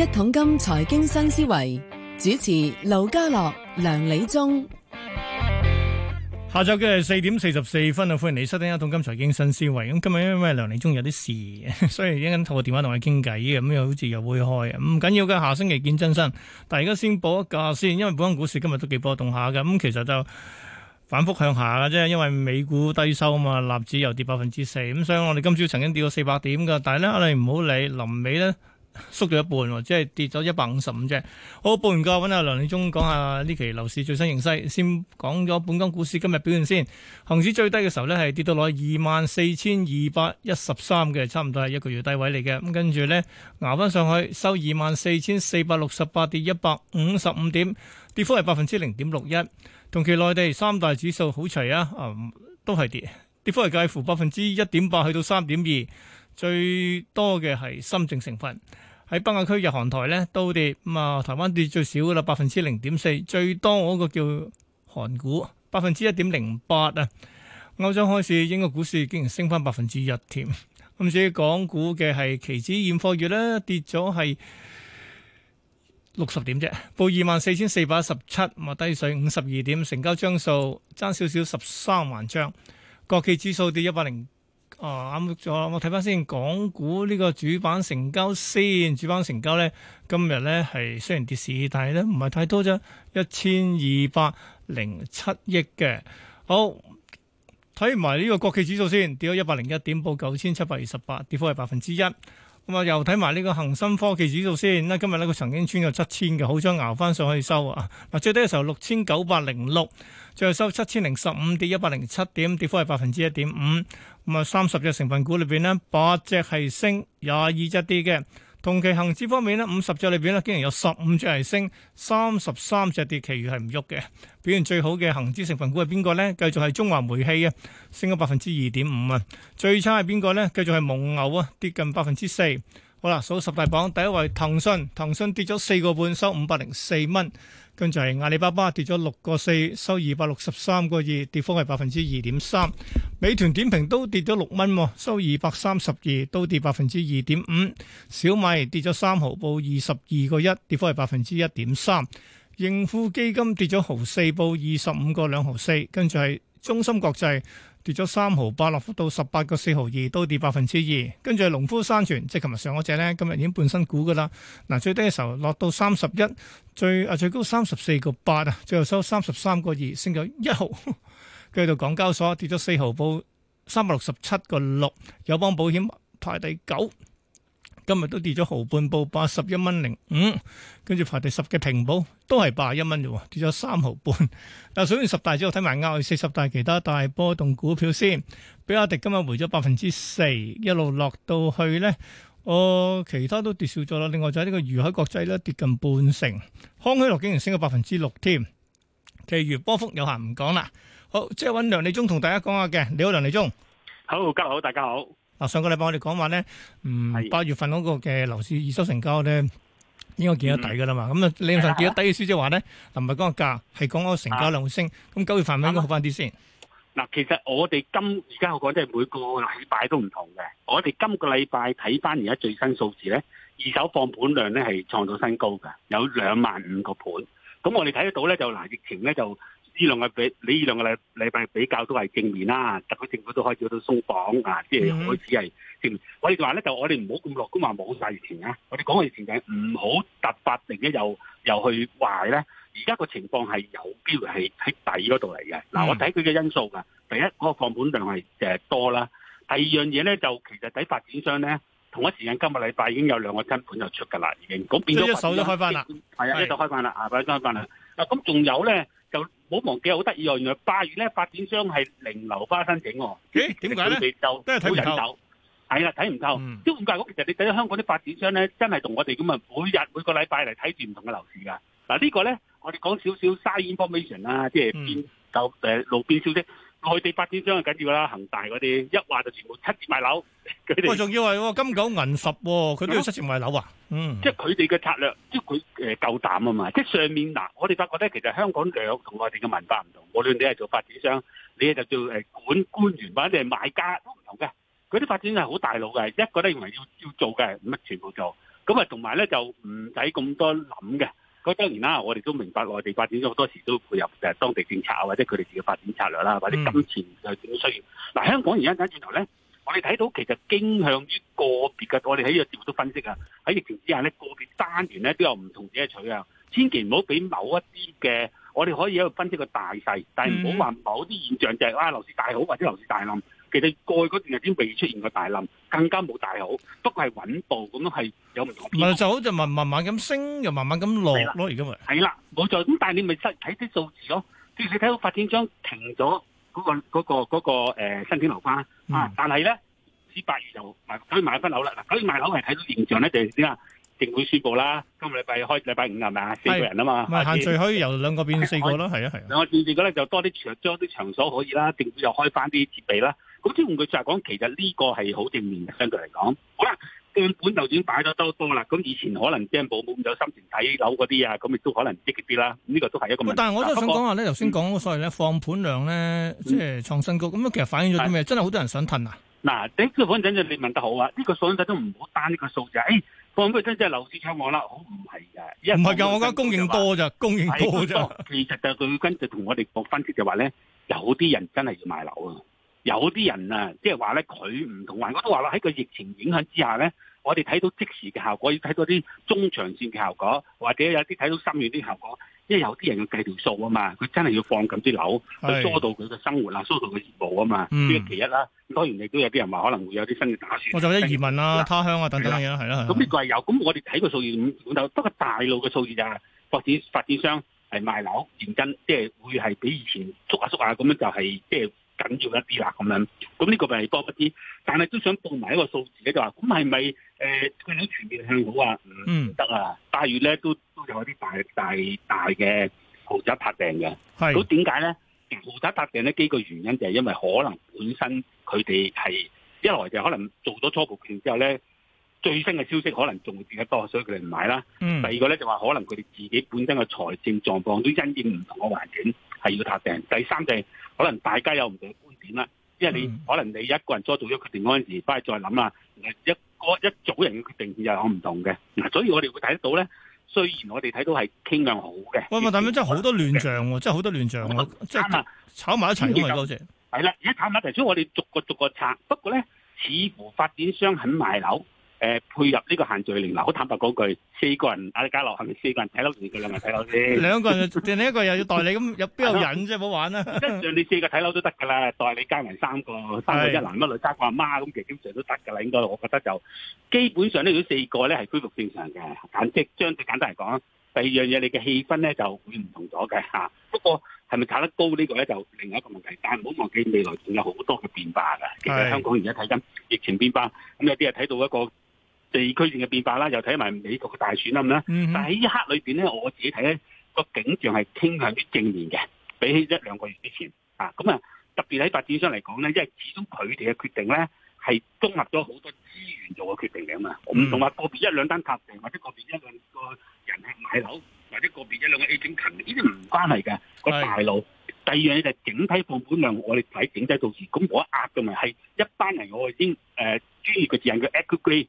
一桶金財經新思維，主持劉家樂梁理中，下晝嘅四點四十四分啊，歡迎你收聽一桶金財經新思維。咁今日因為梁理中有啲事，所以依家透過電話同佢傾偈，咁，又好似又會開，唔緊要嘅，下星期見真身。但係而家先報一價先，因為本身股市今日都幾波動下嘅，咁其實就反覆向下嘅啫，因為美股低收啊嘛，納指又跌百分之四，咁所以我哋今朝曾經跌到四百點噶，但係咧我哋唔好理，臨尾呢。縮咗一半，即係跌咗一百五十五隻。好，報完價，揾阿梁理中講下呢期樓市最新形勢。先講咗本港股市今日表現先，恒指最低嘅時候呢係跌到落二萬四千二百一十三嘅，差唔多係一個月低位嚟嘅。咁跟住呢，熬翻上去收二萬四千四百六十八，跌一百五十五點，跌幅係百分之零點六一。同期內地三大指數好齊啊，嗯、都係跌，跌幅係介乎百分之一點八去到三點二。最多嘅係深證成分，喺北亞區日韓台咧都跌，咁啊台灣跌最少噶啦，百分之零點四，最多嗰個叫韓股百分之一點零八啊。歐洲開始，英國股市竟然升翻百分之一添。咁至於港股嘅係期指現貨月咧跌咗係六十點啫，報二萬四千四百一十七，咁啊低水五十二點，成交張數爭少少十三萬張。國企指數跌一百零。哦、啊，啱咗。我睇翻先看看，港股呢個主板成交先，主板成交呢，今日呢係雖然跌市，但係呢唔係太多啫，一千二百零七億嘅。好，睇埋呢個國企指數先，跌咗一百零一點報9728，報九千七百二十八，跌幅係百分之一。咁啊，又睇埋呢個恒生科技指數先啦。今日呢佢曾經穿過七千嘅，好想熬翻上去收啊！嗱，最低嘅時候六千九百零六，最後收七千零十五，跌一百零七點，跌幅係百分之一點五。咁啊，三十隻成分股裏邊咧，八隻係升，廿二隻跌嘅。同期恒指方面呢，五十隻裏邊呢，竟然有十五隻係升，三十三隻跌，其餘係唔喐嘅。表現最好嘅恒指成分股係邊個呢？繼續係中華煤氣啊，升咗百分之二點五啊。最差係邊個呢？繼續係蒙牛啊，跌近百分之四。好啦，數十大榜第一位騰訊，騰訊跌咗四個半，收五百零四蚊。跟住係阿里巴巴跌咗六個四，收二百六十三個二，跌幅係百分之二點三。美團點評都跌咗六蚊，收二百三十二，都跌百分之二點五。小米跌咗三毫，報二十二個一，跌幅係百分之一點三。盈富基金跌咗毫四，報二十五個兩毫四。跟住係中芯國際。跌咗三毫八，落幅到十八個四毫二，都跌百分之二。跟住農夫山泉，即係琴日上嗰隻咧，今日已經半新股噶啦。嗱，最低嘅時候落到三十一，最啊最高三十四個八啊，最，高最後收三十三個二，升咗一毫。跟 住到港交所跌咗四毫，報三百六十七個六。友邦保險排第九。今日都跌咗毫半，報八十一蚊零五，跟住排第十嘅平保都係八一蚊啫喎，跌咗三毫半。但睇完十大之後睇埋，厄四十大其他大波動股票先，比亞迪今日回咗百分之四，一路落到去咧，我其他都跌少咗啦。另外就喺呢個如海國際咧跌近半成，康希諾竟然升咗百分之六添。其餘波幅有限，唔講啦。好，即係揾梁理中同大家講下嘅，你好梁理中，好家好大家好。嗱，上個禮拜我哋講話咧，唔係八月份嗰個嘅樓市二手成交咧，應該見得底㗎喇嘛。咁呀，你唔係見得底嘅意思，即係話咧，唔係講個價，係講個成交量升。咁九月份咪應該好返啲先。嗱，其實我哋今而家我講，即係每個禮拜都唔同嘅。我哋今個禮拜睇返而家最新數字咧，二手放盤量咧係創到新高嘅，有兩萬五個盤。咁我哋睇得到咧，就嗱，疫情咧就呢兩個比你依兩個禮禮拜比較都係正面啦，啊，特區政府都開始到鬆綁啊，mm-hmm. 即係開始係正面。我哋話咧，就我哋唔好咁樂觀話冇晒疫情啊，我哋講嘅疫情係唔好突發，或者又又去壞咧。而家個情況係有機會係喺底嗰度嚟嘅嗱。Mm-hmm. 我睇佢嘅因素嘅、啊，第一嗰、這個放盤量係誒多啦。第二樣嘢咧，就其實睇發展商咧，同一時間今日禮拜已經有兩個新盤就出㗎啦，已經咁變咗。一手都開翻啦，啊，一手開翻啦，啊，開翻啦。咁仲有咧？唔好忘記啊！好得意喎，原來八月咧，發展商係零樓花申請喎。點解咧？就都係睇唔夠。係啦，睇唔透。即係點解？其實你睇啲香港啲發展商咧，真係同我哋咁啊，每日每個禮拜嚟睇住唔同嘅樓市㗎。嗱呢個咧，我哋講少少 side information 啦，即係邊度誒路邊消息。內地發展商係緊要啦，恆大嗰啲一話就全部七折買樓。佢哋仲要係金九銀十，佢都要七折買樓，嗯、啊？嗯，即係佢哋嘅策略，即係佢誒夠膽啊嘛！即係上面嗱，我哋發覺咧，其實香港兩同內地嘅文化唔同。無論你係做發展商，你就做誒管官員或者係買家都唔同嘅。佢啲發展商係好大腦嘅，一個都認為要要做嘅，唔乜全部做。咁啊，同埋咧就唔使咁多諗嘅。咁當然啦，我哋都明白內地發展咗好多時都配合誒當地政策啊，或者佢哋自己發展策略啦，或者金錢嘅點需要。嗱，香港而家睇轉頭咧，我哋睇到其實傾向於個別嘅，我哋喺呢個節目都分析啊。喺疫情之下咧，個別單元咧都有唔同自己取啊。千祈唔好俾某一啲嘅，我哋可以喺度分析個大勢，但係唔好話某啲現象就係、是、哇，樓市大好或者樓市大冧。其實過去嗰段日子未出現過大冧，更加冇大好，不過係穩步咁樣係有唔同。唔係就好似慢慢慢咁升，又慢慢咁落咯。而家咪係啦，冇錯。咁但係你咪睇啲數字咯。即使睇到發展商停咗嗰個嗰個嗰個誒、呃、申請樓花、嗯啊、但係咧只八月就可以買翻樓啦。嗱，可以買樓係睇到現象咧，就點啊？政府宣布啦，今個禮拜開禮拜五係咪啊？四個人啊嘛，限制可以由兩個變四個啦，係啊係啊。兩個變四個咧，就多啲場將啲場所可以啦。政府又開翻啲設備啦。似換句話，佢就係講，其實呢個係好正面嘅，相對嚟講。好啦，槓本就已經擺咗多多啦。咁以前可能啲人冇咁有心情睇樓嗰啲啊，咁亦都可能積極啲啦。呢、這個都係一個問題。但係我都想講話咧，頭先講所謂咧放盤量咧即係創新高，咁啊，其實反映咗啲咩？真係好多人想囤啊！嗱，你講真就你問得好啊，呢、這個數字都唔好單呢個數字。誒、哎，放盤量真真真係樓市暢旺啦，好唔係噶。唔係噶，我覺得供應多咋，供應多咋。其實就佢跟住同我哋講分析就話咧，有啲人真係要買樓啊。有啲人啊，即係話咧，佢唔同埋。我都話啦，喺個疫情影響之下咧，我哋睇到即時嘅效果，要睇到啲中長線嘅效果，或者有啲睇到深遠啲效果。因為有啲人要計條數啊嘛，佢真係要放緊啲樓，去疏導佢嘅生活啊，疏導佢業務啊嘛。呢個、嗯、其一啦。當然亦都有啲人話可能會有啲新嘅打算。我做啲移民啦、他鄉啊等等嘢，係啦。咁呢個係有。咁我哋睇個數字，唔管得，不過大陸嘅數字啊，發展發展商係賣樓認真，即、就、係、是、會係比以前縮下縮下咁樣，就係即係。就是緊要一啲啦，咁樣，咁呢個咪多一啲，但係都想報埋一個數字咧，就話，咁係咪佢好全面向好啊？唔唔得啊！八月咧都都有一啲大大大嘅豪宅拍定嘅，係，咁點解咧？豪宅拍定咧，幾個原因就係因為可能本身佢哋係一來就可能做咗初步決定之後咧。最新嘅消息可能仲跌得多，所以佢哋唔買啦，嗯。第二個咧就話，可能佢哋自己本身嘅財政狀況都因應唔同嘅環境係要踏定。第三就係、是、可能大家有唔同嘅觀點啦，因為你、嗯、可能你一個人在做咗決定嗰陣時，翻去再諗啦。一個一組人嘅決定又有唔同嘅，所以我哋會睇得到咧。雖然我哋睇到係傾向好嘅，哇！但係真係好多亂象喎、啊，真係好多亂象、啊，即係、就是、炒埋一齊好多謝係啦。而家產品提出，在在所以我哋逐個逐個拆，不過咧，似乎發展商肯賣樓。誒，配合呢個限聚令，嗱，好坦白嗰句，四個人打你家樓，係、啊、咪四個人睇樓定佢兩人睇樓先？兩個人定你 一個又要代理咁，有 邊有人啫？冇 玩啦！跟住你四個睇樓都得噶啦，代理加埋三個，三個一男一女加個阿媽，咁其實基本上都得噶啦。應該我覺得就基本上呢，如果四個咧係恢復正常嘅，即係將最簡單嚟講，第二樣嘢你嘅氣氛咧就會唔同咗嘅吓。不過係咪炒得高個呢個咧就另外一個問題，但係唔好忘記未來仲有好多嘅變化噶。其實香港而家睇緊疫情變化，咁有啲係睇到一個。地區性嘅變化啦，又睇埋美國嘅大選啦咁啦，但喺呢一刻裏邊咧，我自己睇咧個景象係傾向於正面嘅，比起一兩個月之前啊，咁啊特別喺發展商嚟講咧，因為始終佢哋嘅決定咧係綜合咗好多資源做嘅決定嚟啊嘛，嗯、我同埋個別一兩單撻訂或者個別一兩個人係買樓或者個別一兩個 A 景勤，呢啲唔關係嘅，個大路第二樣嘢就整體盤量。我哋睇整體到時咁我一壓嘅咪係一班人我已經誒專業嘅人嘅 equity。叫 Aquicry,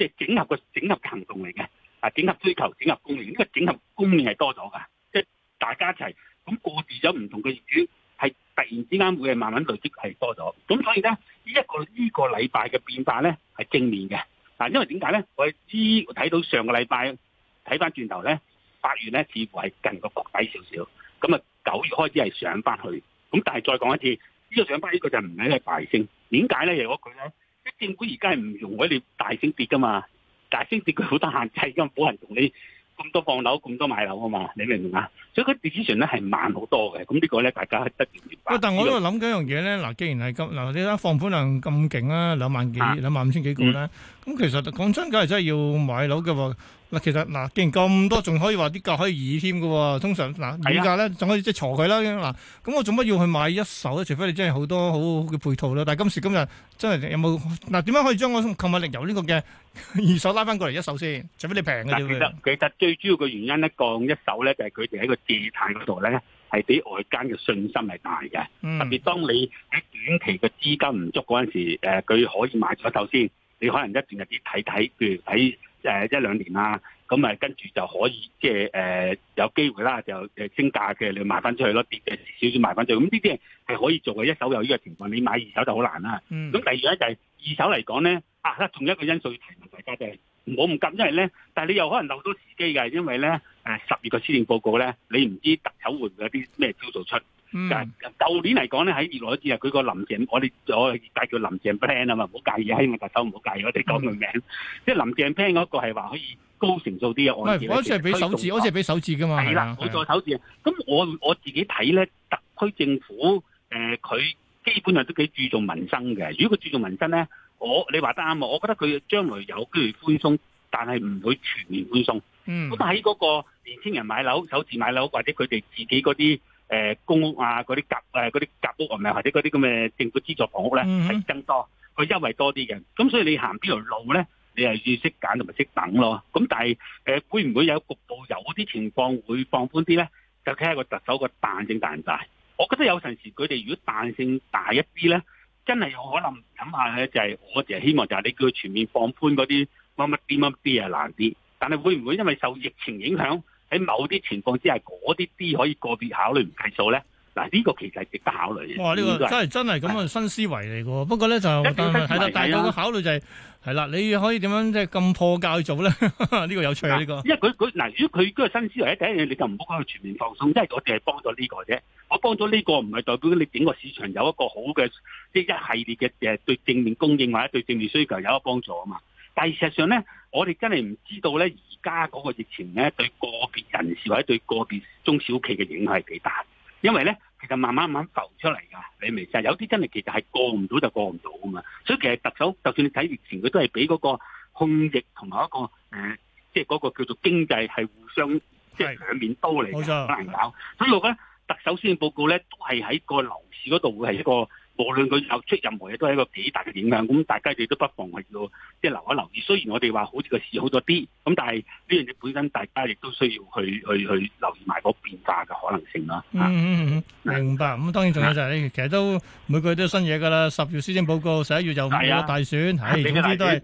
即係整合個整合嘅行動嚟嘅。啊，整合需求、整合供應，因為整合供應係多咗噶，即係大家一齊咁過渡咗唔同嘅業主，係突然之間會係慢慢累積係多咗，咁所以咧呢一個呢個禮拜嘅變化咧係正面嘅，啊，因為點解咧？我係知睇到上個禮拜睇翻轉頭咧，八月咧似乎係近個谷底少少，咁啊，九月開始係上翻去，咁但係再講一次，呢個上翻呢個就唔係一大升，點解咧？如果佢咧？政府而家係唔容許你大升跌噶嘛，大升跌佢好多限制噶，冇人同你咁多放樓、咁多買樓啊嘛，你明唔明啊？所以佢跌之前呢係慢好多嘅，咁呢個咧大家得點點？但我都度諗緊一樣嘢咧，嗱，既然係咁，嗱你睇放款量咁勁啦，兩萬幾、啊、兩萬五千幾個啦，咁其實講真，梗係真係要買樓嘅話。嗱，其實嗱，既然咁多，仲可以話啲價可以議添嘅喎。通常嗱，議價咧，仲可以即係鋤佢啦。嗱，咁我做乜要去買一手咧？除非你真係好多好嘅配套咧。但係今時今日真係有冇嗱？點樣可以將我購物力由呢個嘅二手拉翻過嚟一手先？除非你平嘅喎。得最主要嘅原因咧，降一手咧，就係佢哋喺個借貸嗰度咧，係俾外間嘅信心係大嘅、嗯。特別當你喺短期嘅資金唔足嗰陣時，佢、呃、可以買一手先。你可能一段有啲睇睇，譬如喺誒一兩年啦、啊，咁啊跟住就可以，即係誒有機會啦，就誒升價嘅你賣翻出去咯，跌嘅少少賣翻出去，咁呢啲係可以做嘅一手有呢個情況，你買二手就好難啦。咁、嗯、第二咧就係、是、二手嚟講咧，啊同一個因素要提醒大家就係唔好唔急，因為咧，但係你又可能漏到時機㗎，因為咧誒十月個施政報告咧，你唔知特首會唔會有啲咩招做出。就係舊年嚟講咧，喺二月嗰次啊，佢個林鄭，我哋我介叫林鄭 Plan 啊嘛，唔好介意，希望特首唔好介意，我哋講佢名，即、嗯、係林鄭 Plan 嗰個係話可以高成數啲嘅，我嗰次係俾首字，我嗰次係俾首字噶嘛，係啦，我再首字。咁我我自己睇咧，特區政府誒，佢、呃、基本上都幾注重民生嘅。如果佢注重民生咧，我你話得啱啊，我覺得佢將來有機會寬鬆，但係唔會全面寬鬆。咁喺嗰個年輕人買樓、首次買樓或者佢哋自己嗰啲。誒，公屋啊，嗰啲夾誒，啲夾屋啊，或者嗰啲咁嘅政府資助房屋咧，係、嗯、更多，佢優惠多啲嘅。咁所以你行邊條路咧，你係要識揀同埋識等咯。咁但係誒、呃，會唔會有局部有啲情況會放寬啲咧？就睇下個特首個彈性大唔大。我覺得有陣時佢哋如果彈性大一啲咧，真係有可能諗下咧，就係、是、我淨係希望就係你叫佢全面放寬嗰啲，乜乜啲乜乜啲啊，難啲。但係會唔會因為受疫情影響？喺某啲情況之下，嗰啲啲可以個別考慮唔計數咧。嗱，呢、這個其實係值得考慮嘅。哇！呢、這個真係真係咁嘅新思維嚟喎。不過咧就係啦，但係我嘅考慮就係係啦，你可以點樣即係咁破格去做咧？呢 個有趣啊！呢、這個、啊、因為佢佢嗱，如果佢嗰個新思維第一樣，你就唔好去全面放鬆。因為我哋係幫咗呢個啫，我幫咗呢個唔係代表你整個市場有一個好嘅即一系列嘅誒對正面供應或者對正面需求有一幫助啊嘛。但係事實上咧，我哋真係唔知道咧，而家嗰個疫情咧，對個別人士或者對個別中小企嘅影響係幾大？因為咧，其實慢慢慢慢浮出嚟㗎，你明唔明？有啲真係其實係過唔到就過唔到㗎嘛。所以其實特首就算你睇疫情，佢都係俾嗰個控疫同埋一個誒，即係嗰個叫做經濟係互相即係兩面刀嚟嘅。冇錯，好難搞。所以我覺得特首施政報告咧，都係喺個樓市嗰度會係一個。無論佢有出任何嘢，都係一個幾大嘅影響。咁大家亦都不妨去到，即係留一留意。雖然我哋話好似個市好咗啲，咁但係呢樣嘢本身大家亦都需要去去去留意埋嗰變化嘅可能性啦。明、嗯、白。咁、嗯嗯嗯、當然仲有就係、嗯，其實都每個月都有新嘢噶啦。十月施政報告，十一月就美國大選，係、啊、總之都係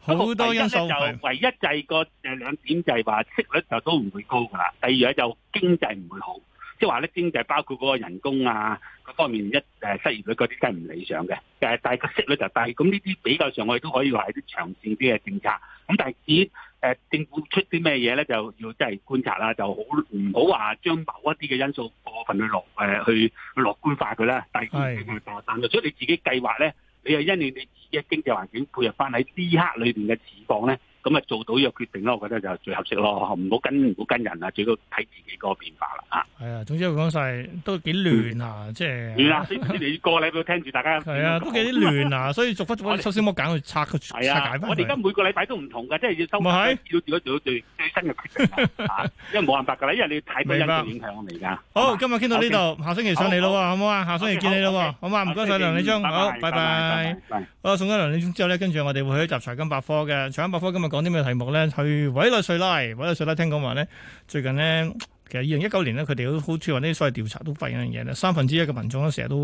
好多因素。就唯一就係個誒兩點就係話息率就都唔會高噶，第二嘢就經濟唔會好。即係話咧，經濟包括嗰個人工啊，各方面一誒失業率嗰啲真係唔理想嘅，但係大家息率就低，咁呢啲比較上我哋都可以話係啲長線啲嘅政策。咁但係至於誒政府出啲咩嘢咧，就要即係觀察啦，就好唔好話將某一啲嘅因素過分去落誒去樂觀化佢啦。但係風險係大單所以你自己計劃咧，你又因應你自己嘅經濟環境，配合翻喺呢一刻裏邊嘅市況咧。咁啊，做到呢個決定咯，我覺得就最合適咯，唔好跟唔好跟人啊，最好睇自己個變化啦啊。係啊，總之我講曬都幾亂啊，即係亂啊！你你你個禮拜聽住大家係啊，都幾啲亂啊，所以逐忽逐忽抽先，剷佢拆佢拆解翻佢。我哋而家每個禮拜都唔同嘅，即係要收。唔係，要要對最新嘅決定啊，因為冇辦法㗎啦，因為你要睇畀人哋影響我哋而家。好，今日傾到呢度，下星期上嚟咯喎，好唔好啊？下星期見你咯喎，好嘛？唔該曬梁理中，好，拜拜。好，送咗梁理中之後咧，跟住我哋會去集財金百科嘅財金百科今日。講啲咩題目咧？去委內瑞拉，委內瑞拉聽講話咧，最近咧，其實二零一九年咧，佢哋都好似話啲所謂調查都發現樣嘢咧，三分之一嘅民眾咧成日都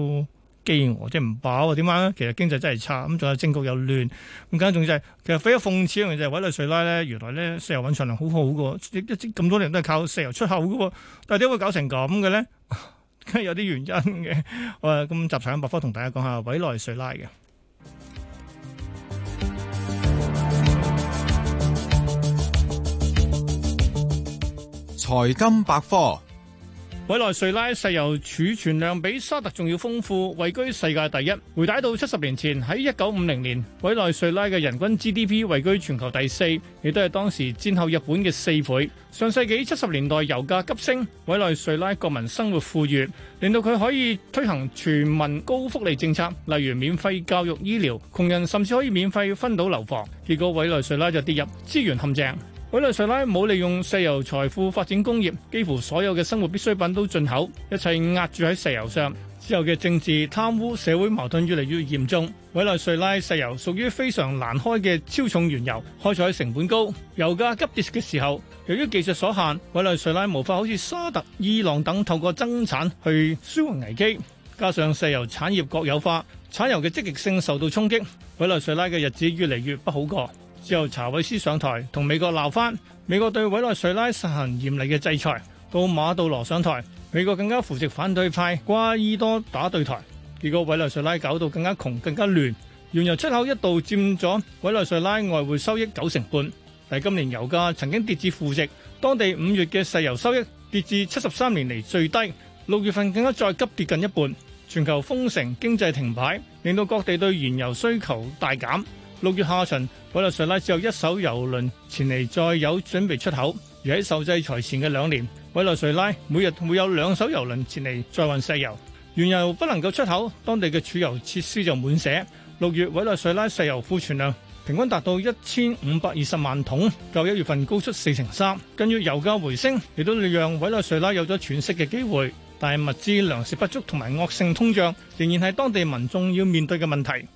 飢餓，即係唔飽啊！點解咧？其實經濟真係差，咁仲有政局又亂，咁簡單仲要就係，其實非常諷刺嘅就係委內瑞拉咧，原來咧石油蘊藏量好好嘅，咁多年都係靠石油出口嘅，但係點會搞成咁嘅咧？ 有啲原因嘅，我咁集產百科同大家講下委內瑞拉嘅。財金百科，委內瑞拉石油儲存量比沙特仲要豐富，位居世界第一。回帶到七十年前，喺一九五零年，委內瑞拉嘅人均 GDP 位居全球第四，亦都係當時戰後日本嘅四倍。上世紀七十年代油價急升，委內瑞拉國民生活富裕，令到佢可以推行全民高福利政策，例如免費教育、醫療，窮人甚至可以免費分到樓房。結果委內瑞拉就跌入資源陷阱。委內瑞拉冇利用石油財富發展工業，幾乎所有嘅生活必需品都進口，一切壓住喺石油上。之後嘅政治貪污、社會矛盾越嚟越嚴重。委內瑞拉石油屬於非常難開嘅超重原油，開採成本高。油價急跌嘅時候，由於技術所限，委內瑞拉無法好似沙特、伊朗等透過增產去舒緩危機。加上石油產業國有化，產油嘅積極性受到衝擊，委內瑞拉嘅日子越嚟越不好過。查韋斯上台,同美國鬧翻,美國對委內瑞拉實行嚴厲嘅制裁,到馬杜羅上台,美國更加扶植反對派,六月下旬，委內瑞拉只有一艘油輪前嚟再有準備出口；而喺受制裁前嘅兩年，委內瑞拉每日會有兩艘油輪前嚟再運石油。原油不能夠出口，當地嘅儲油設施就滿瀉。六月委內瑞拉石油庫存量平均達到一千五百二十萬桶，較一月份高出四成三。近月油價回升，亦都讓委內瑞拉有咗喘息嘅機會。但係物資、糧食不足同埋惡性通脹，仍然係當地民眾要面對嘅問題。